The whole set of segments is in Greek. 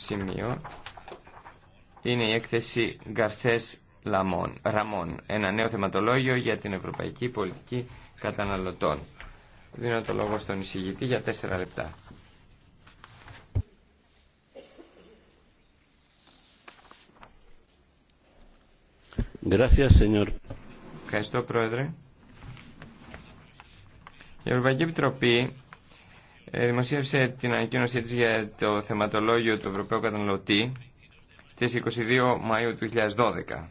σημείο είναι η έκθεση Γκαρσές Ραμών, ένα νέο θεματολόγιο για την ευρωπαϊκή πολιτική καταναλωτών. Δίνω το λόγο στον εισηγητή για τέσσερα λεπτά. Ευχαριστώ, Πρόεδρε. Η Ευρωπαϊκή Επιτροπή ε, δημοσίευσε την ανακοίνωσή της για το θεματολόγιο του Ευρωπαίου Καταναλωτή στις 22 Μαΐου του 2012.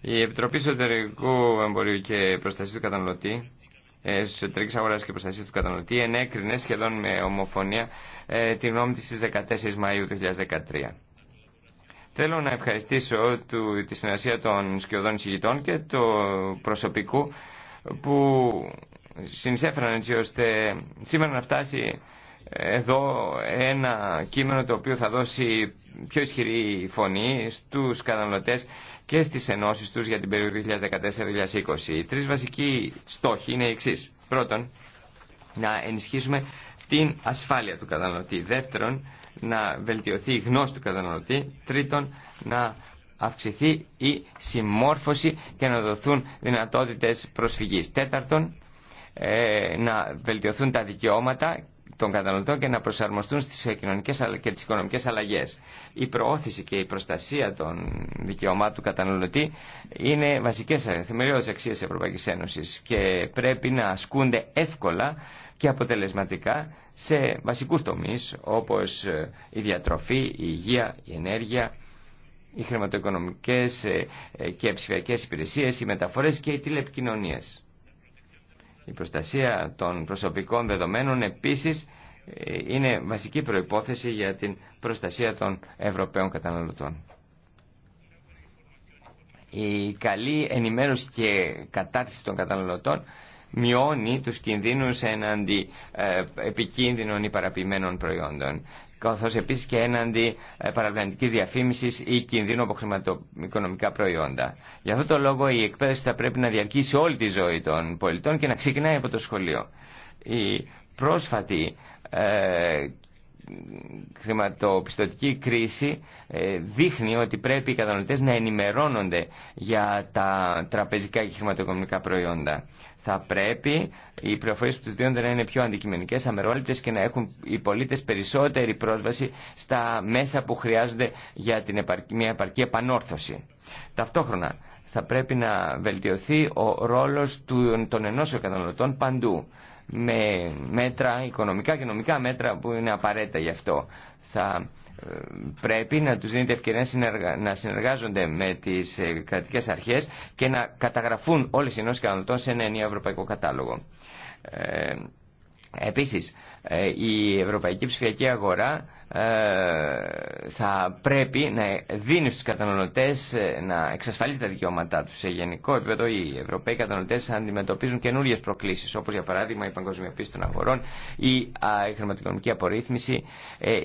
Η Επιτροπή Εσωτερικού Εμπορίου και Προστασίας του Καταναλωτή ε, Εσωτερική Αγορά και Προστασία του Καταναλωτή ενέκρινε σχεδόν με ομοφωνία ε, την γνώμη τη στι 14 Μαου του 2013. Θέλω να ευχαριστήσω του, τη συνεργασία των σκιωδών εισηγητών και του προσωπικού που συνεισέφεραν έτσι ώστε σήμερα να φτάσει εδώ ένα κείμενο το οποίο θα δώσει πιο ισχυρή φωνή στους καταναλωτές και στις ενώσεις τους για την περίοδο 2014-2020. Οι τρεις βασικοί στόχοι είναι οι εξής. Πρώτον, να ενισχύσουμε την ασφάλεια του καταναλωτή. Δεύτερον, να βελτιωθεί η γνώση του καταναλωτή. Τρίτον, να αυξηθεί η συμμόρφωση και να δοθούν δυνατότητες προσφυγής. Τέταρτον, ε, να βελτιωθούν τα δικαιώματα των καταναλωτών και να προσαρμοστούν στις κοινωνικές και τις οικονομικές αλλαγές. Η προώθηση και η προστασία των δικαιωμάτων του καταναλωτή είναι βασικές θεμελιώδες αξίες της Ευρωπαϊκής Ένωσης και πρέπει να ασκούνται εύκολα και αποτελεσματικά σε βασικούς τομείς όπως ε, η διατροφή, η υγεία, η ενέργεια, οι χρηματοοικονομικές ε, και ψηφιακές υπηρεσίες, οι μεταφορές και οι τηλεπικοινωνίες. Η προστασία των προσωπικών δεδομένων επίσης είναι βασική προϋπόθεση για την προστασία των Ευρωπαίων καταναλωτών. Η καλή ενημέρωση και κατάρτιση των καταναλωτών μειώνει τους κινδύνους εναντί ε, επικίνδυνων ή παραποιημένων προϊόντων καθώς επίσης και έναντι ε, παραπλανητικής διαφήμισης ή κινδύνου από χρηματοοικονομικά προϊόντα. Γι' αυτό το λόγο η εκπαίδευση θα πρέπει να διαρκήσει όλη τη ζωή των πολιτών και να ξεκινάει από το σχολείο. Η πρόσφατη ε, χρηματοπιστωτική κρίση ε, δείχνει ότι πρέπει οι κατανοητές να ενημερώνονται για τα τραπεζικά και χρηματοοικονομικά προϊόντα. Θα πρέπει οι πληροφορίες που τους δίνονται να είναι πιο αντικειμενικές, αμερόληπτες και να έχουν οι πολίτες περισσότερη πρόσβαση στα μέσα που χρειάζονται για την μια επαρκή επανόρθωση. Ταυτόχρονα θα πρέπει να βελτιωθεί ο ρόλος των ενώσεων καταναλωτών παντού με μέτρα οικονομικά και νομικά μέτρα που είναι απαραίτητα γι' αυτό. Θα ε, πρέπει να τους δίνεται ευκαιρία να συνεργάζονται με τις ε, κρατικές αρχές και να καταγραφούν όλες οι ενώσεις κανονιτών σε ένα ενιαίο ευρωπαϊκό κατάλογο. Ε, Επίσης, ε, η ευρωπαϊκή ψηφιακή αγορά ε, θα πρέπει να δίνει στους καταναλωτές ε, να εξασφαλίζει τα δικαιώματά τους. Σε γενικό επίπεδο οι ευρωπαίοι καταναλωτές αντιμετωπίζουν καινούριες προκλήσεις όπως για παράδειγμα η παγκοσμιοποίηση των αγορών, η χρηματοοικονομική απορρίθμιση,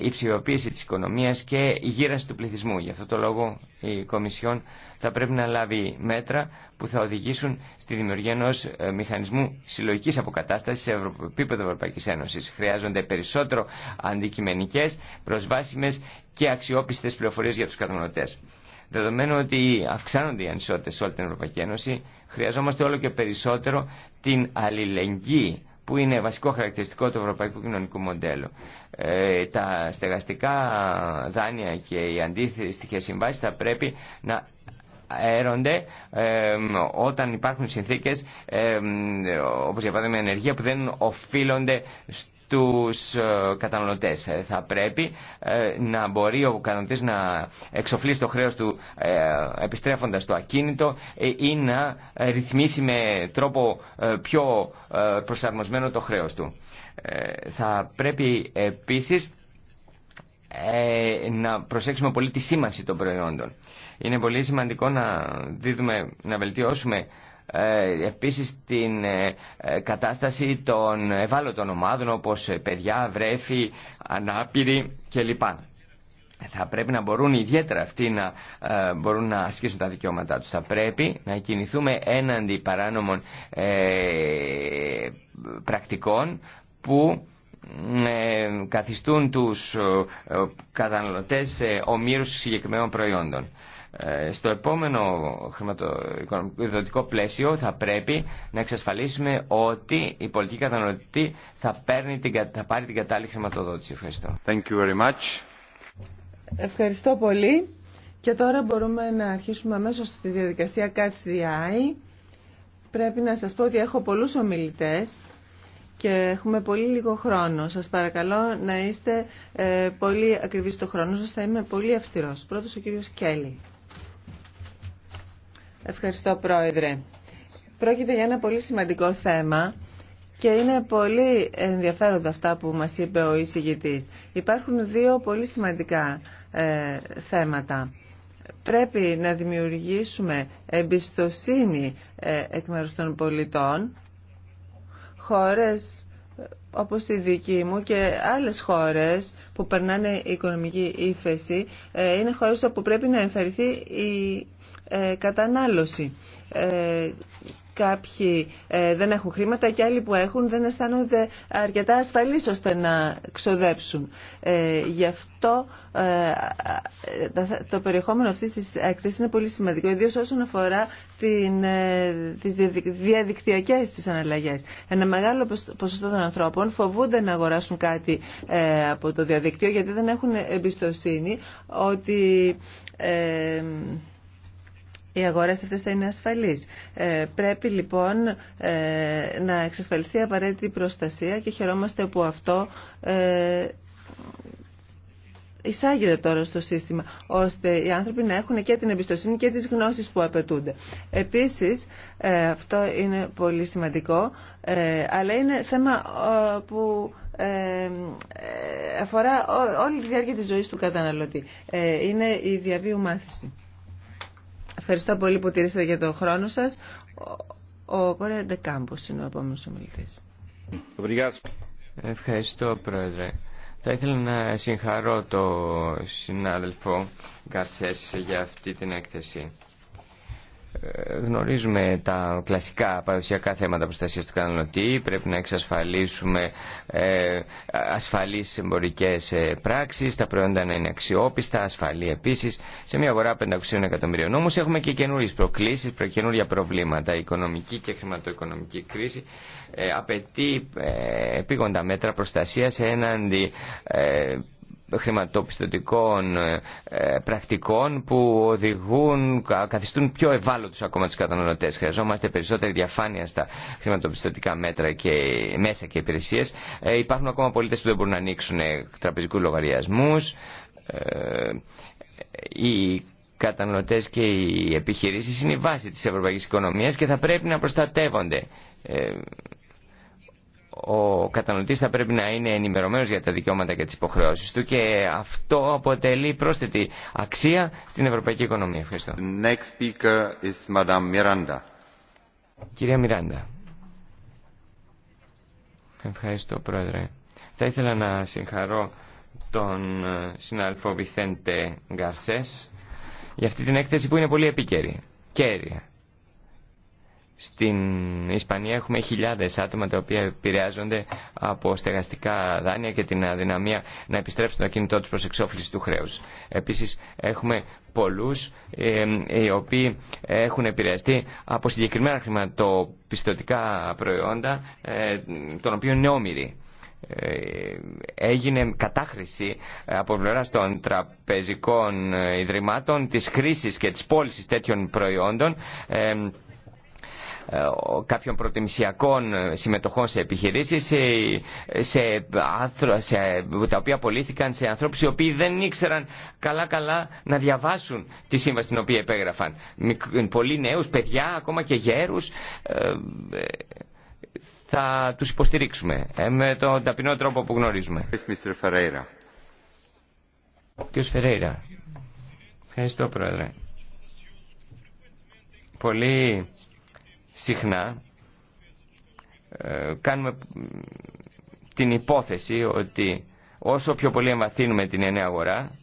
η ψηφιοποίηση της οικονομίας και η γύραση του πληθυσμού. Γι' αυτό το λόγο η Κομισιόν θα πρέπει να λάβει μέτρα που θα οδηγήσουν στη δημιουργία ενό ε, μηχανισμού συλλογική αποκατάσταση σε επίπεδο Ευρωπαϊκή Ένωση. Χρειάζονται περισσότερο αντικειμενικέ, προσβάσιμε και αξιόπιστε πληροφορίε για του καταναλωτέ. Δεδομένου ότι αυξάνονται οι ανισότητε σε όλη την Ευρωπαϊκή Ένωση, χρειαζόμαστε όλο και περισσότερο την αλληλεγγύη που είναι βασικό χαρακτηριστικό του ευρωπαϊκού κοινωνικού μοντέλου. Ε, τα στεγαστικά δάνεια και οι αντίστοιχε συμβάσει θα πρέπει να αέρονται όταν υπάρχουν συνθήκες όπως για παράδειγμα ενεργεία που δεν οφείλονται τους ε, καταναλωτές. Ε, θα πρέπει ε, να μπορεί ο καταναλωτής να εξοφλήσει το χρέος του επιστρέφοντας το ακίνητο ή να ρυθμίσει με τρόπο πιο προσαρμοσμένο το χρέος του. Θα πρέπει επίσης ε, να προσέξουμε πολύ τη σήμανση των προϊόντων. Είναι πολύ σημαντικό να δίδουμε, να βελτιώσουμε ε, επίσης την ε, ε, κατάσταση των ευάλωτων ομάδων όπως παιδιά, βρέφη, ανάπηροι κλπ. Θα πρέπει να μπορούν ιδιαίτερα αυτοί να μπορούν να ασκήσουν τα δικαιώματά τους. Θα πρέπει να κινηθούμε έναντι παράνομων πρακτικών που ε, καθιστούν τους ε, καταναλωτές ε, ομοίρους συγκεκριμένων προϊόντων. Στο επόμενο χρηματοδοτικό πλαίσιο θα πρέπει να εξασφαλίσουμε ότι η πολιτική καταναλωτή θα, την, θα πάρει την κατάλληλη χρηματοδότηση. Ευχαριστώ. Thank you very Ευχαριστώ πολύ. Και τώρα μπορούμε να αρχίσουμε αμέσως στη διαδικασία Catch the Πρέπει να σας πω ότι έχω πολλούς ομιλητές και έχουμε πολύ λίγο χρόνο. Σας παρακαλώ να είστε ε, πολύ ακριβείς στο χρόνο σας. Θα είμαι πολύ αυστηρός. Πρώτος ο κύριος Κέλλη. Ευχαριστώ Πρόεδρε. Πρόκειται για ένα πολύ σημαντικό θέμα και είναι πολύ ενδιαφέροντα αυτά που μας είπε ο εισηγητής. Υπάρχουν δύο πολύ σημαντικά ε, θέματα. Πρέπει να δημιουργήσουμε εμπιστοσύνη ε, εκ μέρους των πολιτών χώρες ε, όπως η δική μου και άλλες χώρες που περνάνε οικονομική ύφεση ε, είναι χώρες όπου πρέπει να εμφανιστεί η ε, κατανάλωση. Κάποιοι ε, δεν έχουν χρήματα και άλλοι που έχουν δεν αισθάνονται αρκετά ασφαλείς ώστε να ξοδέψουν. Ε, γι' αυτό ε, το περιεχόμενο αυτής της έκθεσης είναι πολύ σημαντικό, ιδίω όσον αφορά την, τις διαδικτυακές τις αναλλαγές. Ένα μεγάλο ποσοστό των ανθρώπων φοβούνται να αγοράσουν κάτι από το διαδικτύο γιατί δεν έχουν εμπιστοσύνη ότι οι αγορές αυτές θα είναι ασφαλείς. Ε, πρέπει λοιπόν ε, να εξασφαλιστεί απαραίτητη προστασία και χαιρόμαστε που αυτό ε, εισάγεται τώρα στο σύστημα, ώστε οι άνθρωποι να έχουν και την εμπιστοσύνη και τις γνώσεις που απαιτούνται. Επίσης, ε, αυτό είναι πολύ σημαντικό, αλλά είναι θέμα που αφορά όλη τη διάρκεια της ζωής του καταναλωτή. είναι η διαβίου μάθηση. Ευχαριστώ πολύ που τηρήσατε για το χρόνο σα, Ο Κορέα Ντεκάμπο είναι ο επόμενο ομιλητή. Ευχαριστώ, Πρόεδρε. Θα ήθελα να συγχαρώ τον συνάδελφο Γκαρσέ για αυτή την έκθεση γνωρίζουμε τα κλασικά παραδοσιακά θέματα προστασίας του καταναλωτή, πρέπει να εξασφαλίσουμε ε, ασφαλείς εμπορικές ε, πράξεις, τα προϊόντα να είναι αξιόπιστα, ασφαλή επίσης. Σε μια αγορά 500 εκατομμυρίων όμως έχουμε και καινούριες προκλήσεις, καινούρια προβλήματα. Η οικονομική και χρηματοοικονομική κρίση ε, απαιτεί ε, επίγοντα μέτρα προστασίας έναντι χρηματοπιστωτικών ε, ε, πρακτικών που οδηγούν, καθιστούν πιο ευάλωτους ακόμα τους καταναλωτές. Χρειαζόμαστε περισσότερη διαφάνεια στα χρηματοπιστωτικά μέτρα και μέσα και υπηρεσίες. Ε, υπάρχουν ακόμα πολίτες που δεν μπορούν να ανοίξουν τραπεζικούς λογαριασμούς. Οι καταναλωτές και οι επιχειρήσεις είναι η βάση της ευρωπαϊκής οικονομίας και θα πρέπει να προστατεύονται ο κατανοητής θα πρέπει να είναι ενημερωμένος για τα δικαιώματα και τις υποχρεώσεις του και αυτό αποτελεί πρόσθετη αξία στην ευρωπαϊκή οικονομία. Ευχαριστώ. Next speaker is Madame Miranda. Κυρία Μιράντα. Ευχαριστώ Πρόεδρε. Θα ήθελα να συγχαρώ τον ε, συνάδελφο Βιθέντε Γκαρσές για αυτή την έκθεση που είναι πολύ επικαιρή. Κέρια στην Ισπανία έχουμε χιλιάδες άτομα τα οποία επηρεάζονται από στεγαστικά δάνεια και την αδυναμία να επιστρέψουν το κινητό τους προς εξόφληση του χρέους. Επίσης έχουμε πολλούς ε, ε, οι οποίοι έχουν επηρεαστεί από συγκεκριμένα χρηματοπιστωτικά προϊόντα ε, των οποίων είναι όμοιροι. Ε, έγινε κατάχρηση από πλευρά των τραπεζικών ιδρυμάτων της χρήσης και της πώλησης τέτοιων προϊόντων ε, κάποιων προτιμησιακών ε, συμμετοχών σε επιχειρήσεις ε, σε, σε, σε, τα οποία απολύθηκαν σε ανθρώπου, οι οποίοι δεν ήξεραν καλά-καλά να διαβάσουν τη σύμβαση την οποία επέγραφαν. Πολλοί νέου, παιδιά, ακόμα και γέρους θα τους υποστηρίξουμε με τον ταπεινό τρόπο που γνωρίζουμε. Κύριος Φερέιρα, ευχαριστώ Πρόεδρε. Πολύ συχνά ε, κάνουμε την υπόθεση ότι όσο πιο πολύ εμβαθύνουμε την ενέα αγορά,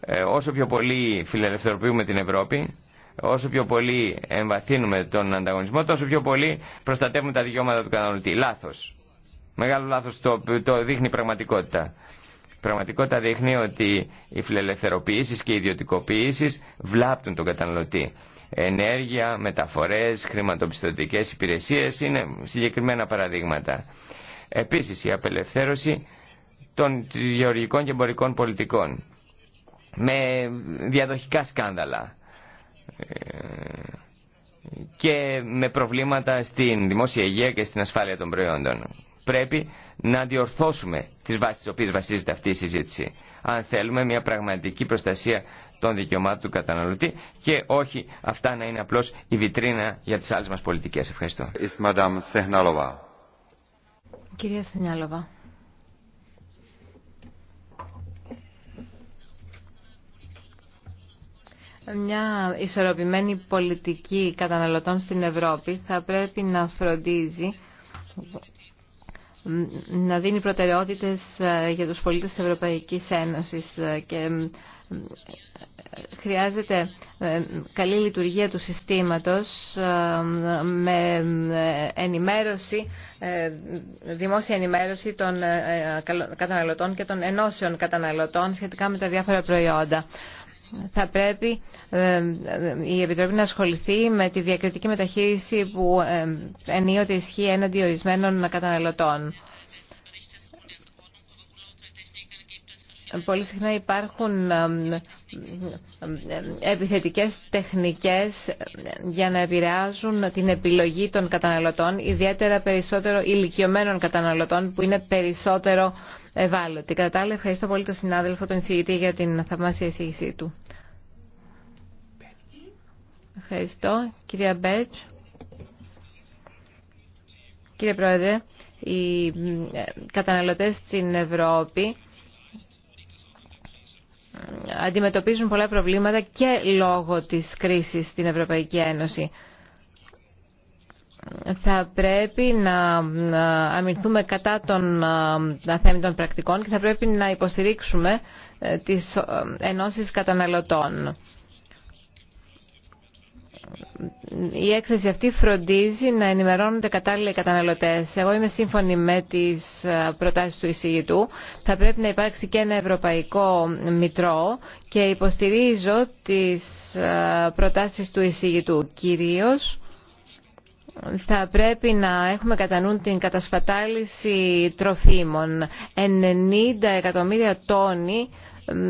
ε, όσο πιο πολύ φιλελευθερωποιούμε την Ευρώπη, όσο πιο πολύ εμβαθύνουμε τον ανταγωνισμό, τόσο πιο πολύ προστατεύουμε τα δικαιώματα του καταναλωτή. Λάθος. Μεγάλο λάθος το, δείχνει η πραγματικότητα. Η πραγματικότητα δείχνει ότι οι φιλελευθερωποιήσεις και οι ιδιωτικοποιήσεις βλάπτουν τον καταναλωτή. Ενέργεια, μεταφορές, χρηματοπιστωτικές υπηρεσίες είναι συγκεκριμένα παραδείγματα. Επίσης η απελευθέρωση των γεωργικών και εμπορικών πολιτικών με διαδοχικά σκάνδαλα ε, και με προβλήματα στην δημόσια υγεία και στην ασφάλεια των προϊόντων. Πρέπει να διορθώσουμε τις βάσεις στις οποίες βασίζεται αυτή η συζήτηση. Αν θέλουμε μια πραγματική προστασία των δικαιωμάτων του καταναλωτή και όχι αυτά να είναι απλώς η βιτρίνα για τις άλλες μας πολιτικές. Ευχαριστώ. Κυρία Σενιάλοβα. Μια ισορροπημένη πολιτική καταναλωτών στην Ευρώπη θα πρέπει να φροντίζει να δίνει προτεραιότητες ε, για τους πολίτες της Ευρωπαϊκής Ένωσης ε, και ε, χρειάζεται καλή λειτουργία του συστήματος με ενημέρωση, δημόσια ενημέρωση των καταναλωτών και των ενώσεων καταναλωτών σχετικά με τα διάφορα προϊόντα θα πρέπει ε, ε, η Επιτροπή να ασχοληθεί με τη διακριτική μεταχείριση που ε, ενίοτε ισχύει έναντι ορισμένων καταναλωτών. Πολύ συχνά υπάρχουν επιθετικές τεχνικές για να επηρεάζουν την επιλογή των καταναλωτών, ιδιαίτερα περισσότερο ηλικιωμένων καταναλωτών που είναι περισσότερο ευάλωτη. Κατά τα άλλα, ευχαριστώ πολύ τον συνάδελφο, τον εισηγητή, για την θαυμάσια εισήγησή του. Ευχαριστώ. Κυρία Μπέτζ. Κύριε Πρόεδρε, οι ε, καταναλωτές στην Ευρώπη ε, αντιμετωπίζουν πολλά προβλήματα και λόγω της κρίσης στην Ευρωπαϊκή Ένωση θα πρέπει να αμυνθούμε κατά των ε, αθέμητων πρακτικών και θα πρέπει να υποστηρίξουμε ε, τις ε, ενώσεις καταναλωτών. Η έκθεση αυτή φροντίζει να ενημερώνονται κατάλληλα οι καταναλωτές. Εγώ είμαι σύμφωνη με τις προτάσεις του εισηγητού. Θα πρέπει να υπάρξει και ένα ευρωπαϊκό μητρό και υποστηρίζω τις προτάσεις του εισηγητού. Κυρίως θα πρέπει να έχουμε κατά νου την κατασπατάληση τροφίμων. 90 εκατομμύρια τόνοι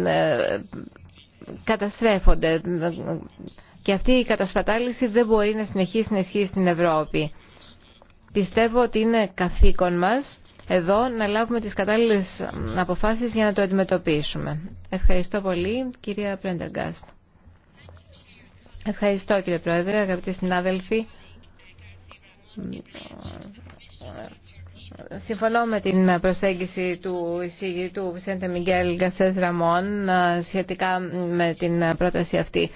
ε, καταστρέφονται και αυτή η κατασπατάληση δεν μπορεί να συνεχίσει να ισχύει στην Ευρώπη. Πιστεύω ότι είναι καθήκον μας εδώ να λάβουμε τις κατάλληλες αποφάσεις για να το αντιμετωπίσουμε. Ευχαριστώ πολύ, κυρία Πρέντεγκάστ. Ευχαριστώ κύριε Πρόεδρε, αγαπητοί συνάδελφοι. Ε, συμφωνώ με την προσέγγιση του εισηγητού Βισέντε Μιγγέλ Γκασές Ραμών σχετικά με την πρόταση αυτή.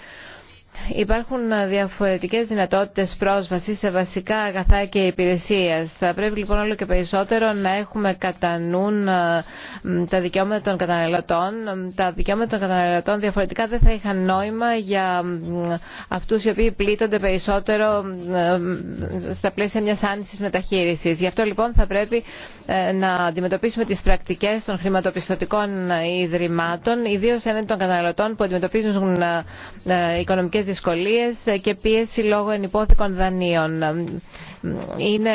Υπάρχουν διαφορετικές δυνατότητες πρόσβασης σε βασικά αγαθά και υπηρεσίες. Θα πρέπει λοιπόν όλο και περισσότερο να έχουμε κατά νου τα δικαιώματα των καταναλωτών. Τα δικαιώματα των καταναλωτών διαφορετικά δεν θα είχαν νόημα για αυτούς οι οποίοι πλήττονται περισσότερο στα πλαίσια μιας άνησης μεταχείρισης. Γι' αυτό λοιπόν θα πρέπει ε, να αντιμετωπίσουμε τις πρακτικές των χρηματοπιστωτικών ιδρυμάτων, ιδίως έναν των καταναλωτών που αντιμετωπίζουν ε, ε, οικονομικές δυσκολίες και πίεση λόγω ενυπόθηκων δανείων. Είναι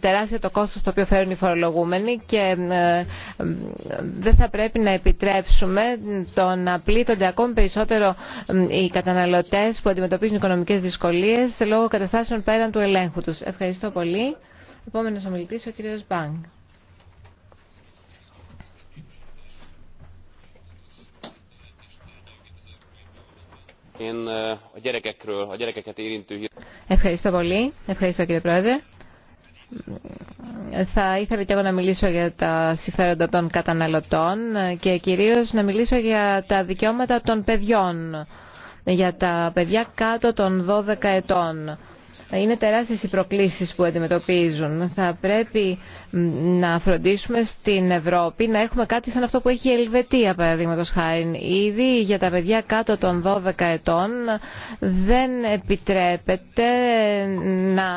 τεράστιο το κόστος το οποίο φέρουν οι φορολογούμενοι και ε, δεν θα πρέπει να επιτρέψουμε το να πλήττονται ακόμη περισσότερο οι καταναλωτές που αντιμετωπίζουν οικονομικές δυσκολίες λόγω καταστάσεων πέραν του ελέγχου τους. Ευχαριστώ πολύ. Επόμενος ομιλητής ο κ. Μπάνγκ. Ευχαριστώ πολύ. Ευχαριστώ κύριε Πρόεδρε. Θα ήθελα και εγώ να μιλήσω για τα συμφέροντα των καταναλωτών και κυρίως να μιλήσω για τα δικαιώματα των παιδιών, για τα παιδιά κάτω των 12 ετών. Είναι τεράστιες οι προκλήσεις που αντιμετωπίζουν. Θα πρέπει να φροντίσουμε στην Ευρώπη να έχουμε κάτι σαν αυτό που έχει η Ελβετία, παραδείγματο χάρη. Ήδη για τα παιδιά κάτω των 12 ετών δεν επιτρέπεται να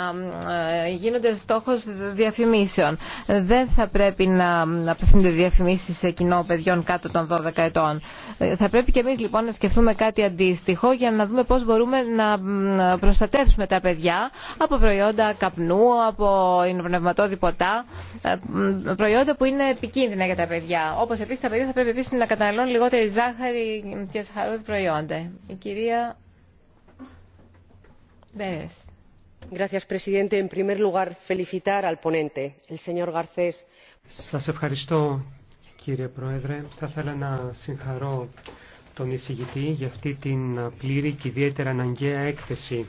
ε, γίνονται στόχος διαφημίσεων. Δεν θα πρέπει να απευθύνονται διαφημίσεις σε κοινό παιδιών κάτω των 12 ετών. Ε, θα πρέπει και εμείς λοιπόν να σκεφτούμε κάτι αντίστοιχο για να δούμε πώς μπορούμε να προστατεύσουμε τα παιδιά από προϊόντα καπνού, από υνοπνευματόδη ποτά, ε, προϊόντα που είναι επικίνδυνα για τα παιδιά. Όπως επίσης τα παιδιά θα πρέπει επίσης να καταναλώνουν λιγότερη ζάχαρη και σαχαρόδη προϊόντα. Η κυρία Μπέρες. Gracias, presidente. En primer lugar, felicitar al ponente, el señor Garcés. Σας ευχαριστώ, κύριε Πρόεδρε. Θα ήθελα να συγχαρώ τον εισηγητή για αυτή την πλήρη και ιδιαίτερα αναγκαία έκθεση.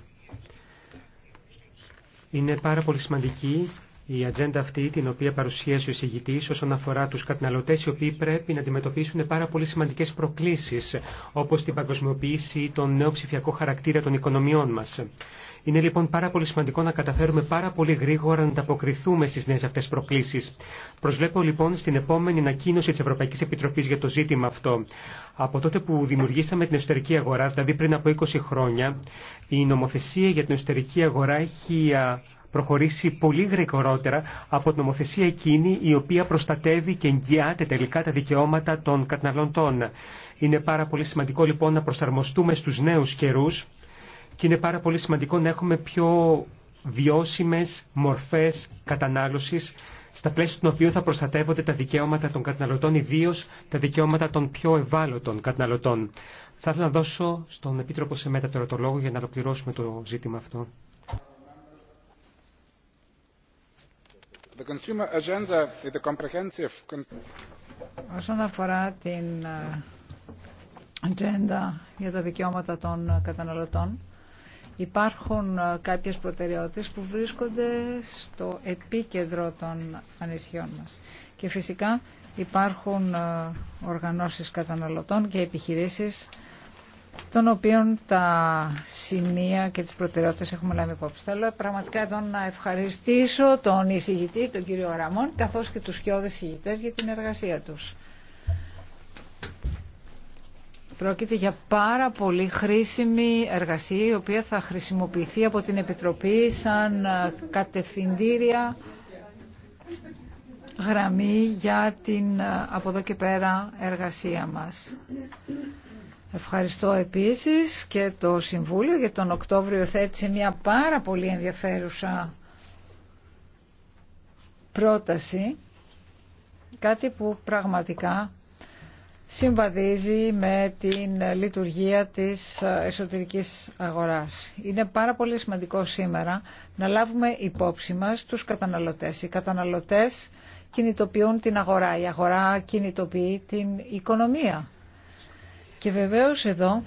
Είναι πάρα πολύ σημαντική η ατζέντα αυτή την οποία παρουσίασε ο εισηγητή όσον αφορά του καταναλωτέ, οι οποίοι πρέπει να αντιμετωπίσουν πάρα πολύ σημαντικέ προκλήσει, όπω την παγκοσμιοποίηση, τον νέο ψηφιακό χαρακτήρα των οικονομιών μα. Είναι λοιπόν πάρα πολύ σημαντικό να καταφέρουμε πάρα πολύ γρήγορα να ανταποκριθούμε στι νέε αυτέ προκλήσει. Προσβλέπω λοιπόν στην επόμενη ανακοίνωση τη Ευρωπαϊκή Επιτροπή για το ζήτημα αυτό. Από τότε που δημιουργήσαμε την εσωτερική αγορά, δηλαδή πριν από 20 χρόνια, η νομοθεσία για την εσωτερική αγορά έχει προχωρήσει πολύ γρηγορότερα από την νομοθεσία εκείνη η οποία προστατεύει και εγγυάται τελικά τα δικαιώματα των καταναλωτών. Είναι πάρα πολύ σημαντικό λοιπόν να προσαρμοστούμε στους νέους καιρούς και είναι πάρα πολύ σημαντικό να έχουμε πιο βιώσιμες μορφές κατανάλωσης στα πλαίσια των οποίων θα προστατεύονται τα δικαιώματα των καταναλωτών, ιδίω τα δικαιώματα των πιο ευάλωτων καταναλωτών. Θα ήθελα να δώσω στον Επίτροπο σε τώρα το λόγο για να ολοκληρώσουμε το ζήτημα αυτό. Όσον αφορά την ατζέντα ε, για τα δικαιώματα των καταναλωτών, Υπάρχουν ε, κάποιες προτεραιότητες που βρίσκονται στο επίκεντρο των ανησυχιών μας. Και φυσικά υπάρχουν ε, οργανώσεις καταναλωτών και επιχειρήσεις των οποίων τα σημεία και τις προτεραιότητες έχουμε λάβει υπόψη. Θέλω πραγματικά εδώ να ευχαριστήσω τον εισηγητή, τον κύριο Ραμόν, καθώς και τους σκιώδες εισηγητές για την εργασία τους. Πρόκειται για πάρα πολύ χρήσιμη εργασία η οποία θα χρησιμοποιηθεί από την Επιτροπή σαν ε, κατευθυντήρια γραμμή για την ε, από εδώ και πέρα εργασία μας. Ευχαριστώ επίσης και το Συμβούλιο για τον Οκτώβριο θέτησε μια πάρα πολύ ενδιαφέρουσα πρόταση, κάτι που πραγματικά συμβαδίζει με την λειτουργία της εσωτερικής αγοράς. Είναι πάρα πολύ σημαντικό σήμερα να λάβουμε υπόψη μας τους καταναλωτές. Οι καταναλωτές κινητοποιούν την αγορά, η αγορά κινητοποιεί την οικονομία. Και βεβαίως εδώ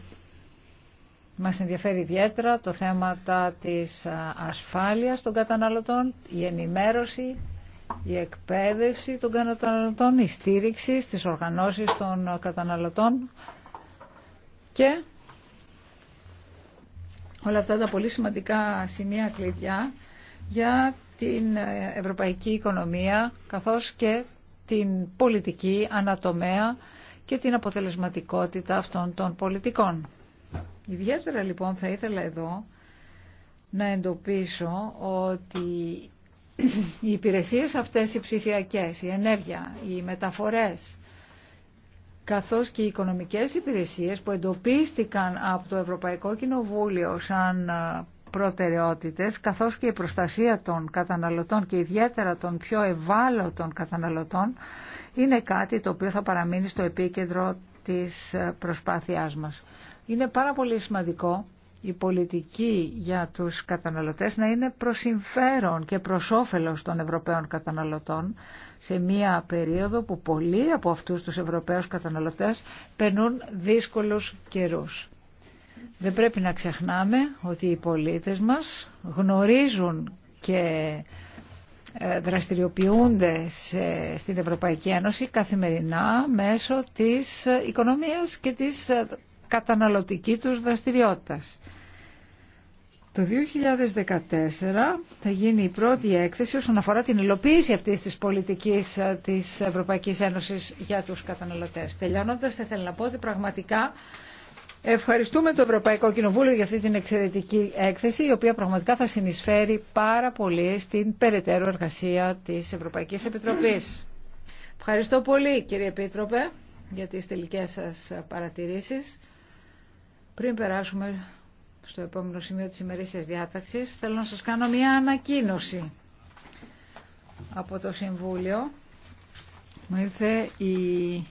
μας ενδιαφέρει ιδιαίτερα το θέμα της ασφάλειας των καταναλωτών, η ενημέρωση, η εκπαίδευση των καταναλωτών, η στήριξη στις οργανώσεις των καταναλωτών και όλα αυτά τα πολύ σημαντικά σημεία κλειδιά για την ευρωπαϊκή οικονομία καθώς και την πολιτική ανατομέα και την αποτελεσματικότητα αυτών των πολιτικών. Ιδιαίτερα λοιπόν θα ήθελα εδώ να εντοπίσω ότι οι υπηρεσίες αυτές οι ψηφιακές, η ενέργεια, οι μεταφορές, καθώς και οι οικονομικές υπηρεσίες που εντοπίστηκαν από το Ευρωπαϊκό Κοινοβούλιο σαν προτεραιότητες, καθώς και η προστασία των καταναλωτών και ιδιαίτερα των πιο ευάλωτων καταναλωτών, είναι κάτι το οποίο θα παραμείνει στο επίκεντρο της ε, προσπάθειάς μας. Είναι πάρα πολύ σημαντικό η πολιτική για τους καταναλωτές να είναι προς και προς όφελος των Ευρωπαίων καταναλωτών σε μία περίοδο που πολλοί από αυτούς τους Ευρωπαίους καταναλωτές περνούν δύσκολους καιρούς. Δεν πρέπει να ξεχνάμε ότι οι πολίτες μας γνωρίζουν και ε, δραστηριοποιούνται στην Ευρωπαϊκή Ένωση καθημερινά μέσω της ε, οικονομίας και της ε, καταναλωτική τους δραστηριότητα. Το 2014 θα γίνει η πρώτη έκθεση όσον αφορά την υλοποίηση αυτής της πολιτικής ε, της Ευρωπαϊκής Ένωσης για τους καταναλωτές. Τελειώνοντας, θα ήθελα να πω ότι πραγματικά Ευχαριστούμε το Ευρωπαϊκό Κοινοβούλιο για αυτή την εξαιρετική έκθεση, η οποία πραγματικά θα συνεισφέρει πάρα πολύ στην περαιτέρω εργασία της Ευρωπαϊκής Επιτροπής. Ευχαριστώ πολύ κύριε Επίτροπε για τις τελικές σας παρατηρήσεις. Πριν περάσουμε στο επόμενο σημείο της ημερήσιας διάταξης, θέλω να σας κάνω μια ανακοίνωση από το Συμβούλιο. Μου ήρθε η